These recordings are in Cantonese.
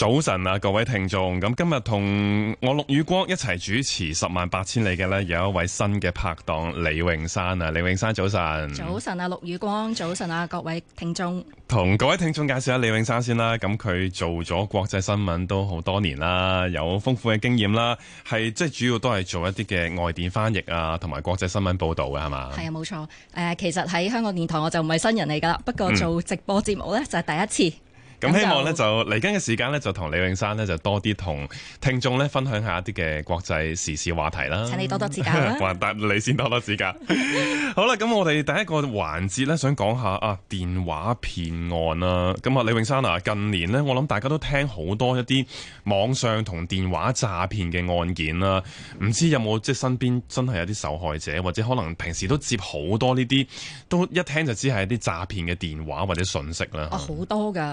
早晨啊，各位聽眾，咁今日同我陸宇光一齊主持《十萬八千里》嘅咧，有一位新嘅拍檔李永山啊，李永山早晨。早晨啊，陸宇光，早晨啊，各位聽眾。同各位聽眾介紹下李永山先啦，咁佢做咗國際新聞都好多年啦，有豐富嘅經驗啦，係即係主要都係做一啲嘅外電翻譯啊，同埋國際新聞報道嘅係嘛？係啊，冇錯。誒、呃，其實喺香港電台我就唔係新人嚟噶啦，不過做直播節目咧就係、是、第一次。嗯。咁希望咧就嚟緊嘅時間咧就同李永山咧就多啲同聽眾咧分享下一啲嘅國際時事話題啦。請你多多指教啦，華 你先多多指教。 好啦，咁我哋第一個環節咧，想講下啊電話騙案啦、啊。咁啊，李永山啊，近年呢，我諗大家都聽好多一啲網上同電話詐騙嘅案件啦、啊。唔知有冇即係身邊真係有啲受害者，或者可能平時都接好多呢啲，都一聽就知係一啲詐騙嘅電話或者信息啦、啊嗯。哦，好多噶，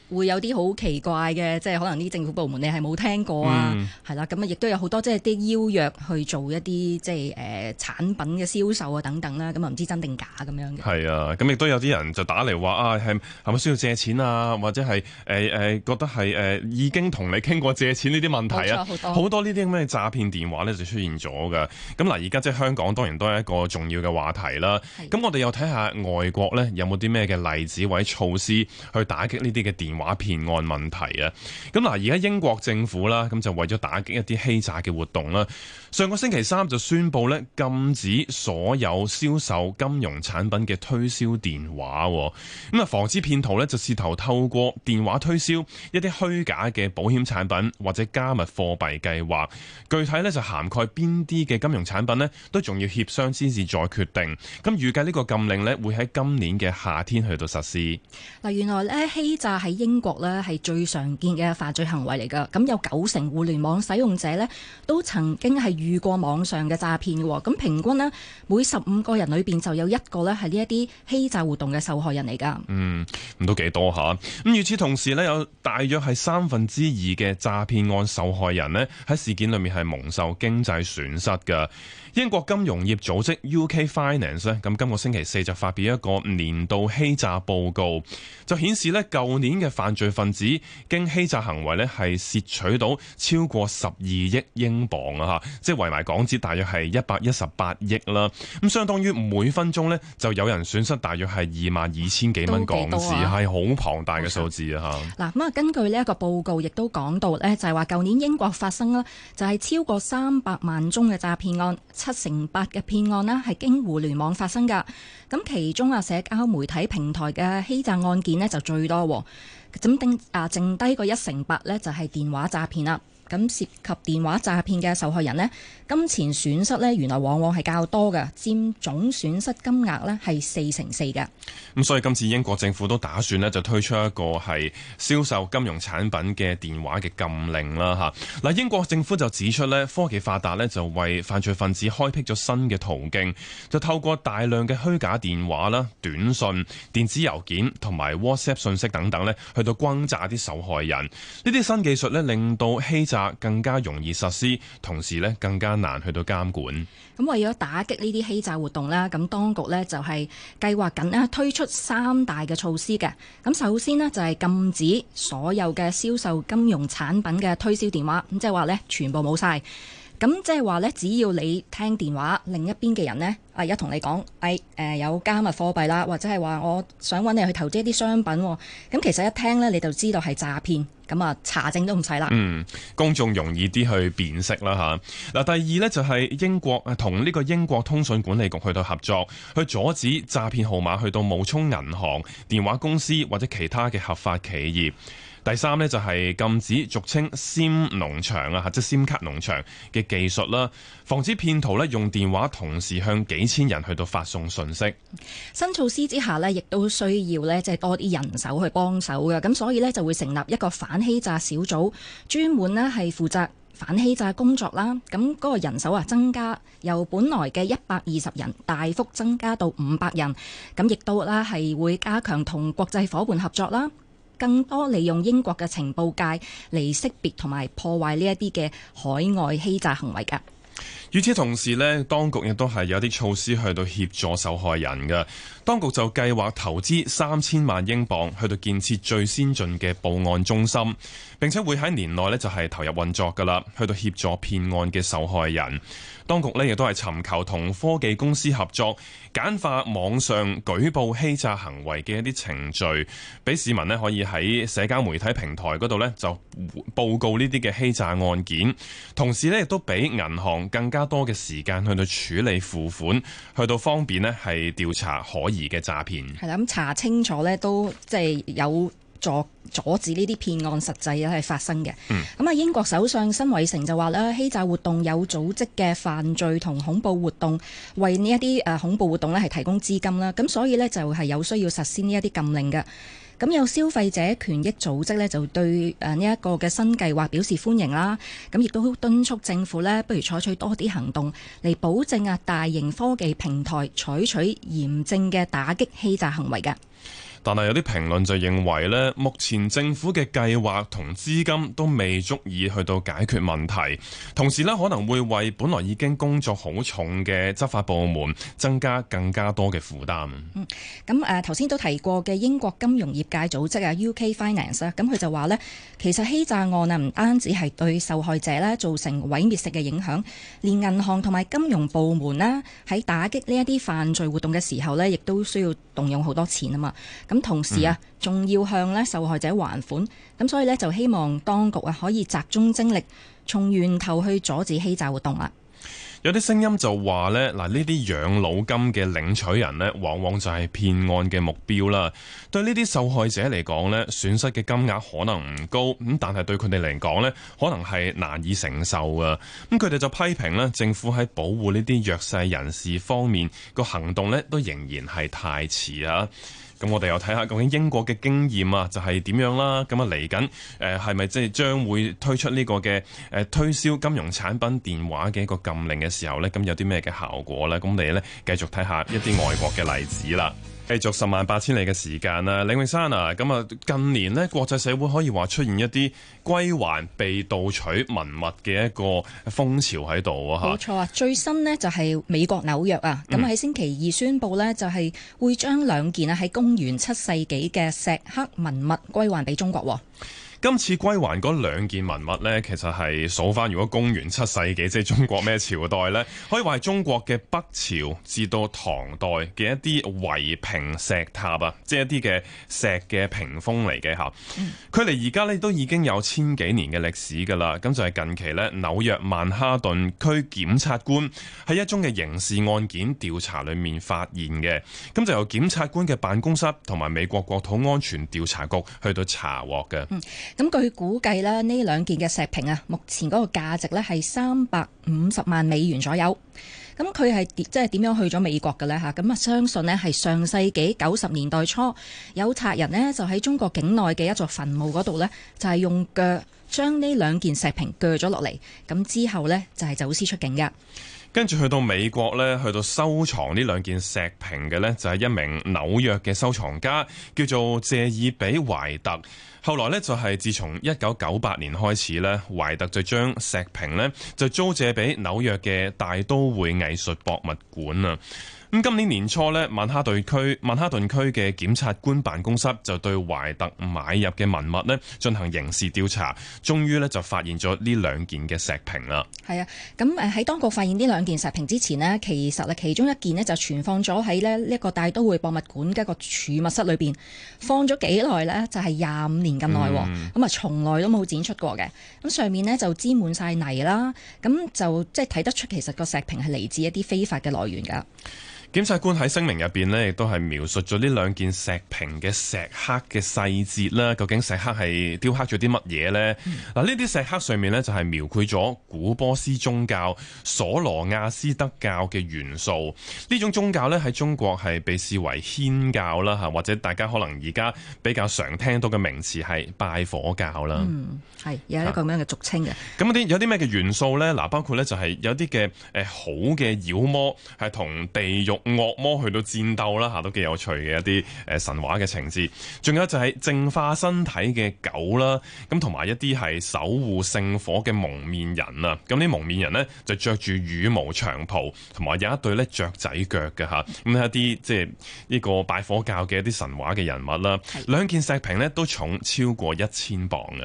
會有啲好奇怪嘅，即係可能呢啲政府部門你係冇聽過啊，係、嗯、啦，咁啊亦都有好多即係啲邀約去做一啲即係誒、呃、產品嘅銷售啊等等啦，咁啊唔知真定假咁樣嘅。係、嗯、啊，咁亦都有啲人就打嚟話啊，係係咪需要借錢啊，或者係誒誒覺得係誒、欸、已經同你傾過借錢呢啲問題啊，好、嗯嗯、多呢啲咁嘅詐騙電話咧就出現咗㗎。咁嗱，而家即係香港當然都係一個重要嘅話題啦。咁、嗯、我哋又睇下外國咧有冇啲咩嘅例子或者措施去打擊呢啲嘅電話騙案問題啊，咁嗱，而家英國政府啦，咁就為咗打擊一啲欺詐嘅活動啦。上個星期三就宣布咧禁止所有銷售金融產品嘅推銷電話，咁啊防止騙徒咧就試圖透過電話推銷一啲虛假嘅保險產品或者加密貨幣計劃。具體呢就涵蓋邊啲嘅金融產品呢都仲要協商先至再決定。咁預計呢個禁令呢會喺今年嘅夏天去到實施。嗱，原來呢，欺詐喺英國呢係最常見嘅犯罪行為嚟㗎。咁有九成互聯網使用者呢都曾經係。遇過網上嘅詐騙㗎喎，咁平均呢，每十五個人裏邊就有一個呢係呢一啲欺詐活動嘅受害人嚟㗎。嗯，咁都幾多嚇。咁與此同時呢，有大約係三分之二嘅詐騙案受害人呢，喺事件裏面係蒙受經濟損失㗎。英國金融業組織 UK Finance 呢，咁今個星期四就發表一個年度欺詐報告，就顯示呢舊年嘅犯罪分子經欺詐行為呢，係竊取到超過十二億英鎊啊嚇！即係圍埋港紙大約係一百一十八億啦，咁相當於每分鐘呢，就有人損失大約係二萬二千幾蚊港紙，係好龐大嘅數字啊！吓，嗱咁啊，根據呢一個報告亦都講到呢就係話舊年英國發生啦，就係超過三百萬宗嘅詐騙案，七成八嘅騙案呢係經互聯網發生噶，咁其中啊社交媒體平台嘅欺詐案件呢，就最多，咁頂啊剩低個一成八呢，就係電話詐騙啦。咁涉及電話詐騙嘅受害人呢，金錢損失呢，原來往往係較多嘅，佔總損失金額呢係四成四嘅。咁、嗯、所以今次英國政府都打算呢，就推出一個係銷售金融產品嘅電話嘅禁令啦，嚇、啊、嗱英國政府就指出呢，科技發達呢，就為犯罪分子開闢咗新嘅途徑，就透過大量嘅虛假電話啦、短訊、電子郵件同埋 WhatsApp 信息等等呢，去到轟炸啲受害人。呢啲新技術呢，令到欺詐更加容易實施，同時咧更加難去到監管。咁為咗打擊呢啲欺詐活動啦，咁當局咧就係計劃緊啊推出三大嘅措施嘅。咁首先咧就係禁止所有嘅銷售金融產品嘅推銷電話，咁即係話咧全部冇晒。咁即係話呢，只要你聽電話，另一邊嘅人呢，而家同你講，誒、哎，誒、呃，有加密貨幣啦，或者係話我想揾你去投資一啲商品，咁其實一聽呢，你就知道係詐騙，咁啊查證都唔使啦。嗯，公眾容易啲去辨識啦吓。嗱，第二呢就係英國同呢個英國通訊管理局去到合作，去阻止詐騙號碼去到冒充銀行、電話公司或者其他嘅合法企業。第三呢，就係禁止俗稱 SIM 農場啊，或者 SIM 卡農場嘅技術啦，防止騙徒呢用電話同時向幾千人去到發送信息。新措施之下呢，亦都需要呢，即係多啲人手去幫手嘅，咁所以呢，就會成立一個反欺詐小組，專門呢係負責反欺詐工作啦。咁嗰個人手啊增加，由本來嘅一百二十人大幅增加到五百人。咁亦都啦係會加強同國際伙伴合作啦。更多利用英國嘅情報界嚟識別同埋破壞呢一啲嘅海外欺詐行為㗎。與此同時呢，當局亦都係有啲措施去到協助受害人嘅。當局就計劃投資三千萬英鎊去到建設最先進嘅報案中心，並且會喺年內咧就係投入運作噶啦，去到協助騙案嘅受害人。當局咧亦都係尋求同科技公司合作，簡化網上舉報欺詐行為嘅一啲程序，俾市民咧可以喺社交媒體平台度咧就報告呢啲嘅欺詐案件。同時咧亦都俾銀行更加多嘅時間去到處理付款，去到方便咧係調查可疑。嘅詐騙係啦，咁查清楚咧，都即係有助阻止呢啲騙案實際係發生嘅。咁、嗯、啊，英國首相辛偉誠就話啦，欺詐活動、有組織嘅犯罪同恐怖活動，為呢一啲誒恐怖活動咧係提供資金啦。咁所以咧就係有需要實施呢一啲禁令嘅。咁有消費者權益組織咧，就對呢一個嘅新計劃表示歡迎啦。咁亦都敦促政府呢，不如採取多啲行動嚟保證啊，大型科技平台採取嚴正嘅打擊欺詐行為嘅。但係有啲評論就認為咧，目前政府嘅計劃同資金都未足以去到解決問題，同時咧可能會為本來已經工作好重嘅執法部門增加更加多嘅負擔。嗯，咁誒頭先都提過嘅英國金融業界組織啊 UK Finance，咁佢就話咧，其實欺詐案啊唔單止係對受害者咧造成毀滅性嘅影響，連銀行同埋金融部門咧喺打擊呢一啲犯罪活動嘅時候咧，亦都需要動用好多錢啊嘛。咁同時啊，仲要向咧受害者還款，咁所以呢，就希望當局啊可以集中精力從源頭去阻止欺詐活動啊！有啲聲音就話呢，嗱呢啲養老金嘅領取人呢，往往就係騙案嘅目標啦。對呢啲受害者嚟講呢，損失嘅金額可能唔高，咁但係對佢哋嚟講呢，可能係難以承受㗎。咁佢哋就批評呢，政府喺保護呢啲弱勢人士方面個行動呢，都仍然係太遲啊！咁我哋又睇下究竟英國嘅經驗啊，就係點樣啦？咁啊嚟緊誒，係咪即係將會推出呢個嘅誒、呃、推銷金融產品電話嘅一個禁令嘅時候呢？咁有啲咩嘅效果呢？咁我哋繼續睇下一啲外國嘅例子啦。繼續十萬八千里嘅時間啊，李永山啊，咁啊近年咧國際社會可以話出現一啲歸還被盜取文物嘅一個風潮喺度啊，嚇！冇錯啊，最新呢就係美國紐約啊，咁喺星期二宣布呢，就係會將兩件啊喺公元七世紀嘅石刻文物歸還俾中國。今次歸還嗰兩件文物呢，其實係數翻，如果公元七世紀，即係中國咩朝代呢？可以話係中國嘅北朝至到唐代嘅一啲圍屏石榻啊，即係一啲嘅石嘅屏風嚟嘅吓。距離而家呢，都已經有千幾年嘅歷史噶啦。咁就係近期呢，紐約曼哈頓區檢察官喺一宗嘅刑事案件調查裏面發現嘅。咁就由檢察官嘅辦公室同埋美國國土安全調查局去到查獲嘅。嗯咁據估計咧，呢兩件嘅石屏啊，目前嗰個價值咧係三百五十萬美元左右。咁佢係即係點樣去咗美國嘅呢？咁啊，相信呢係上世紀九十年代初，有賊人呢就喺中國境內嘅一座墳墓嗰度呢，就係、是、用鋸將呢兩件石屏鋸咗落嚟，咁之後呢，就係走私出境嘅。跟住去到美國咧，去到收藏呢兩件石榻嘅呢，就係一名紐約嘅收藏家叫做謝爾比懷特。後來呢，就係自從一九九八年開始呢，懷特就將石榻呢，就租借俾紐約嘅大都會藝術博物館啊。咁今年年初咧，曼哈頓區曼哈頓區嘅檢察官辦公室就對懷特買入嘅文物咧進行刑事調查，終於咧就發現咗呢兩件嘅石屏啦。係啊，咁誒喺當局發現呢兩件石屏之前咧，其實啊其中一件咧就存放咗喺咧呢個大都會博物館嘅一個儲物室裏邊，放咗幾耐咧就係廿五年咁耐，咁、嗯、啊從來都冇展出過嘅。咁上面咧就沾滿晒泥啦，咁就即係睇得出其實個石屏係嚟自一啲非法嘅來源㗎。檢察官喺聲明入面呢，亦都係描述咗呢兩件石屏嘅石刻嘅細節啦。究竟石刻係雕刻咗啲乜嘢呢？嗱、嗯，呢啲石刻上面呢，就係描繪咗古波斯宗教瑣羅亞斯德教嘅元素。呢種宗教呢，喺中國係被視為祆教啦，或者大家可能而家比較常聽到嘅名詞係拜火教啦。嗯，係有一個咁樣嘅俗稱嘅。咁、啊、啲有啲咩嘅元素呢？嗱，包括呢就係有啲嘅好嘅妖魔係同地獄。惡魔去到戰鬥啦吓，都幾有趣嘅一啲誒神話嘅情節。仲有就係淨化身體嘅狗啦，咁同埋一啲係守護聖火嘅蒙面人啊。咁啲蒙面人呢，就着住羽毛長袍，同埋有一對咧雀仔腳嘅吓。咁 一啲即係呢個拜火教嘅一啲神話嘅人物啦。係 兩件石屏呢都重超過一千磅啊。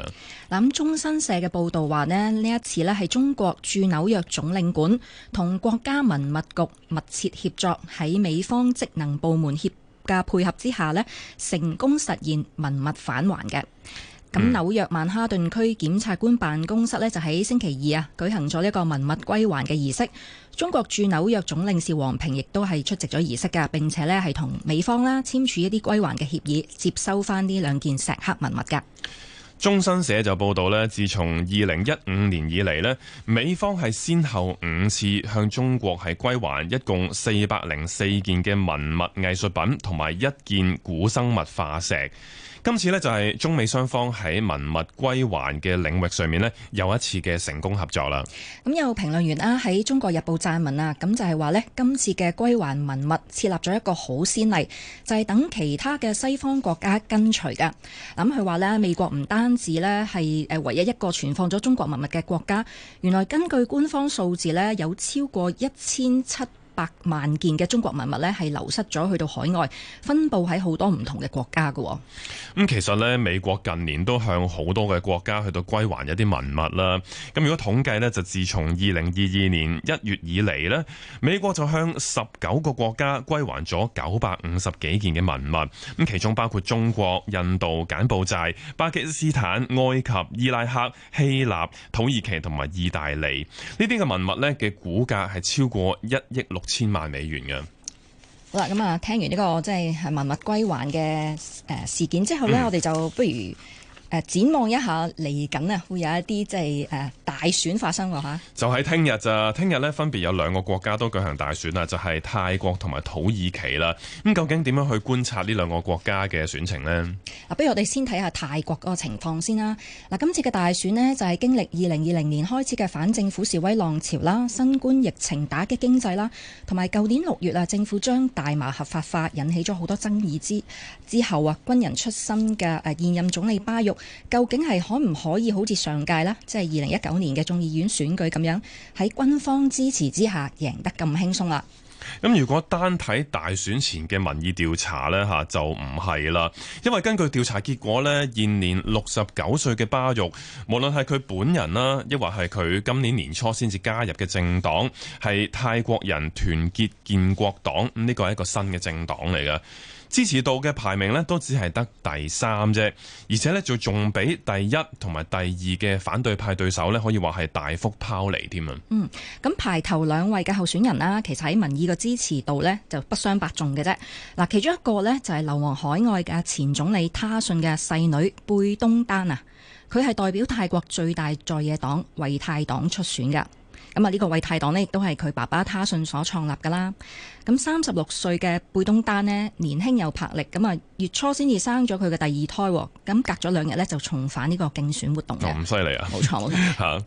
嗱 咁中新社嘅報道話呢，呢一次呢係中國駐紐約總領館同國家文物局密切協作，喺美方職能部門協嘅配合之下咧，成功實現文物返還嘅。咁紐約曼哈頓區檢察官辦公室呢，就喺星期二啊舉行咗一個文物歸還嘅儀式。中國駐紐約總領事王平亦都係出席咗儀式噶，並且呢係同美方啦簽署一啲歸還嘅協議，接收返呢兩件石刻文物噶。中新社就報道咧，自從二零一五年以嚟咧，美方係先後五次向中國係歸還，一共四百零四件嘅文物藝術品，同埋一件古生物化石。今次呢，就係中美雙方喺文物歸還嘅領域上面呢，又一次嘅成功合作啦。咁有評論員啦喺《中國日報》撰文啊，咁就係話呢，今次嘅歸還文物設立咗一個好先例，就係等其他嘅西方國家跟隨噶。咁佢話呢，美國唔單止呢係誒唯一一個存放咗中國文物嘅國家，原來根據官方數字呢，有超過一千七百萬件嘅中國文物呢，係流失咗去到海外，分佈喺好多唔同嘅國家嘅。咁其實呢，美國近年都向好多嘅國家去到歸還一啲文物啦。咁如果統計呢，就自從二零二二年一月以嚟呢，美國就向十九個國家歸還咗九百五十幾件嘅文物。咁其中包括中國、印度、柬埔寨、巴基斯坦、埃及、伊拉克、希臘、土耳其同埋意大利。呢啲嘅文物呢嘅估價係超過一億六。千萬美元嘅。好啦，咁、嗯、啊，聽完呢、這個即係文物歸還嘅誒、呃、事件之後咧、嗯，我哋就不如。展望一下嚟緊啊，會有一啲即係大選發生喎，就喺聽日咋？聽日呢，分別有兩個國家都舉行大選啦，就係泰國同埋土耳其啦。咁究竟點樣去觀察呢兩個國家嘅選情呢？啊，不如我哋先睇下泰國嗰個情況先啦。嗱，今次嘅大選呢，就係經歷二零二零年開始嘅反政府示威浪潮啦，新冠疫情打擊經濟啦，同埋舊年六月啊，政府將大麻合法化引起咗好多爭議之之後啊，軍人出身嘅誒現任總理巴育，究竟係可唔可以好似上屆呢？即係二零一九年嘅眾議院選舉咁樣，喺軍方支持之下贏得咁輕鬆啦？咁如果單睇大選前嘅民意調查呢，吓，就唔係啦，因為根據調查結果呢，現年六十九歲嘅巴育，無論係佢本人啦，抑或係佢今年年初先至加入嘅政黨，係泰國人團結建國黨，呢個係一個新嘅政黨嚟嘅。支持度嘅排名呢都只係得第三啫，而且呢就仲比第一同埋第二嘅反對派對手呢可以話係大幅拋離添啊。嗯，咁排頭兩位嘅候選人啦，啊，其實喺民意嘅支持度呢就不相伯仲嘅啫。嗱，其中一個呢就係流亡海外嘅前總理他信嘅細女貝東丹啊，佢係代表泰國最大在野黨為泰黨出選噶。咁啊，呢個衛泰黨呢，亦都係佢爸爸他信所創立噶啦。咁三十六歲嘅貝東丹呢，年輕又魄力。咁啊，月初先至生咗佢嘅第二胎，咁隔咗兩日呢，就重返呢個競選活動嘅。咁犀利啊，冇錯！冇錯吓。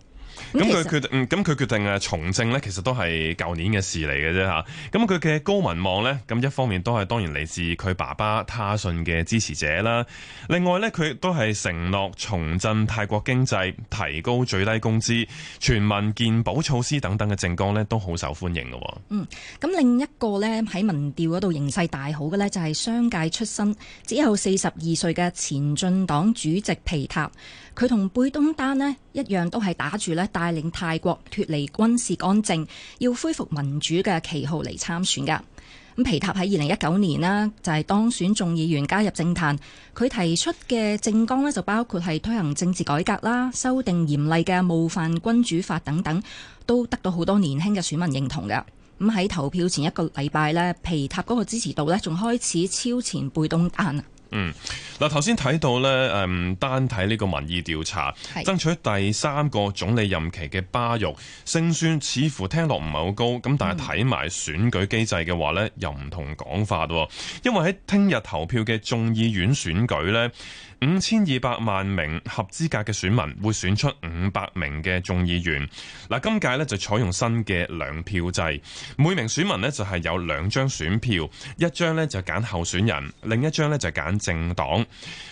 咁佢決，嗯，咁佢決定啊，從政呢，其實都係舊年嘅事嚟嘅啫嚇。咁佢嘅高民望呢，咁一方面都係當然嚟自佢爸爸他信嘅支持者啦。另外呢，佢都係承諾重振泰國經濟、提高最低工資、全民健保措施等等嘅政綱呢，都好受歡迎嘅。嗯，咁另一個呢，喺民調嗰度形勢大好嘅呢，就係商界出身只有四十二歲嘅前進黨主席皮塔，佢同貝東丹呢，一樣都係打住咧，帶領泰國脫離軍事干政，要恢復民主嘅旗號嚟參選噶。咁皮塔喺二零一九年呢，就係當選眾議員，加入政壇。佢提出嘅政綱呢，就包括係推行政治改革啦，修訂嚴厲嘅冒犯君主法等等，都得到好多年輕嘅選民認同噶。咁喺投票前一個禮拜呢，皮塔嗰個支持度呢，仲開始超前被動彈。嗯，嗱，頭先睇到咧，誒，單睇呢個民意調查，爭取第三個總理任期嘅巴育勝算似乎聽落唔係好高，咁但係睇埋選舉機制嘅話咧，又唔同講法咯。因為喺聽日投票嘅眾議院選舉咧，五千二百萬名合資格嘅選民會選出五百名嘅眾議員。嗱，今屆咧就採用新嘅兩票制，每名選民咧就係有兩張選票，一張咧就揀候選人，另一張咧就揀。政黨，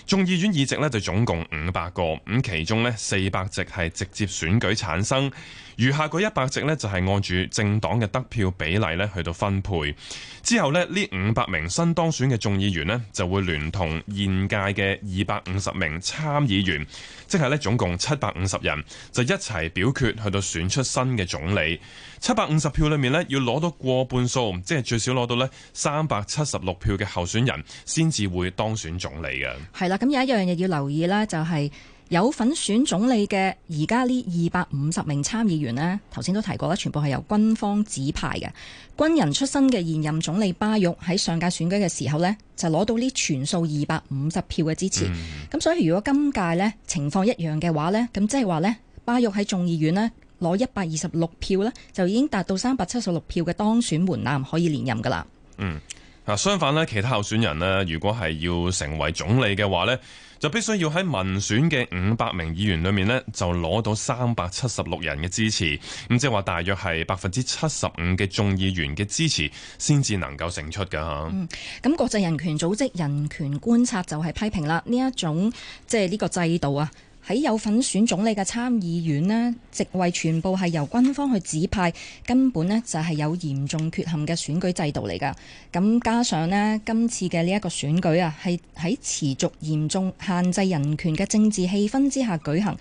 眾議院議席呢，就總共五百個，咁其中呢，四百席係直接選舉產生。餘下嗰一百席呢，就係按住政黨嘅得票比例咧去到分配。之後呢，呢五百名新當選嘅眾議員呢，就會聯同現屆嘅二百五十名參議員，即係咧總共七百五十人，就一齊表決去到選出新嘅總理。七百五十票裏面呢，要攞到過半數，即係最少攞到呢三百七十六票嘅候選人，先至會當選總理嘅。係啦，咁有一樣嘢要留意啦，就係、是。有份選總理嘅，而家呢二百五十名參議員呢，頭先都提過啦，全部係由軍方指派嘅軍人出身嘅。現任總理巴育喺上屆選舉嘅時候呢，就攞到呢全數二百五十票嘅支持。咁、嗯、所以如果今屆呢情況一樣嘅話呢，咁即係話呢，巴育喺眾議院呢攞一百二十六票呢，就已經達到三百七十六票嘅當選門檻，可以連任噶啦。嗯，嗱，相反呢，其他候選人呢，如果係要成為總理嘅話呢。就必須要喺民選嘅五百名議員裏面呢，就攞到三百七十六人嘅支持，咁即係話大約係百分之七十五嘅眾議員嘅支持的，先至能夠勝出噶吓。嗯，咁國際人權組織人權觀察就係批評啦，呢一種即係呢個制度啊。喺有份選總理嘅參議院呢，席位全部係由軍方去指派，根本呢就係有嚴重缺陷嘅選舉制度嚟噶。咁加上呢，今次嘅呢一個選舉啊，係喺持續嚴重限制人權嘅政治氣氛之下舉行，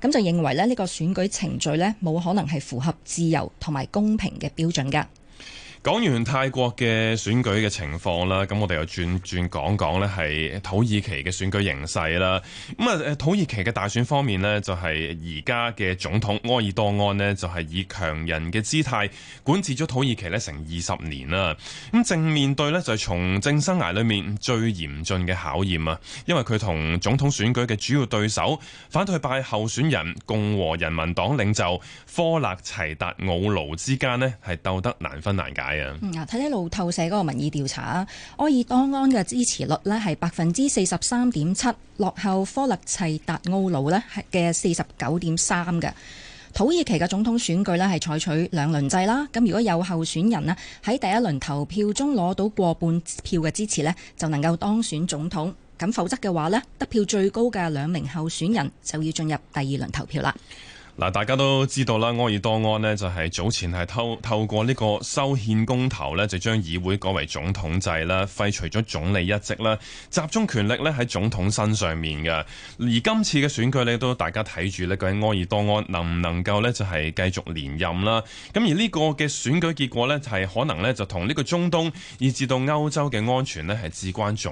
咁就認為呢呢個選舉程序呢，冇可能係符合自由同埋公平嘅標準噶。講完泰國嘅選舉嘅情況啦，咁我哋又轉轉講講呢係土耳其嘅選舉形勢啦。咁啊，土耳其嘅大選方面呢，就係而家嘅總統埃爾多安呢，就係以強人嘅姿態管治咗土耳其呢成二十年啦。咁正面對呢，就係從政生涯裏面最嚴峻嘅考驗啊，因為佢同總統選舉嘅主要對手反對派候選人共和人民黨領袖科勒齊達奧盧之間呢，係鬥得難分難解。嗯睇睇路透社嗰個民意調查啊，埃爾多安嘅支持率咧係百分之四十三點七，落後科勒齊達奧魯咧嘅四十九點三嘅。土耳其嘅總統選舉咧係採取兩輪制啦，咁如果有候選人咧喺第一輪投票中攞到過半票嘅支持咧，就能夠當選總統；咁否則嘅話咧，得票最高嘅兩名候選人就要進入第二輪投票啦。嗱，大家都知道啦，埃爾多安咧就係早前係透透過呢個修憲公投咧，就將議會改為總統制啦，廢除咗總理一職啦，集中權力咧喺總統身上面嘅。而今次嘅選舉咧，都大家睇住咧，究竟埃爾多安能唔能夠咧就係繼續連任啦？咁而呢個嘅選舉結果咧，就係可能咧就同呢個中東以至到歐洲嘅安全咧係至關重。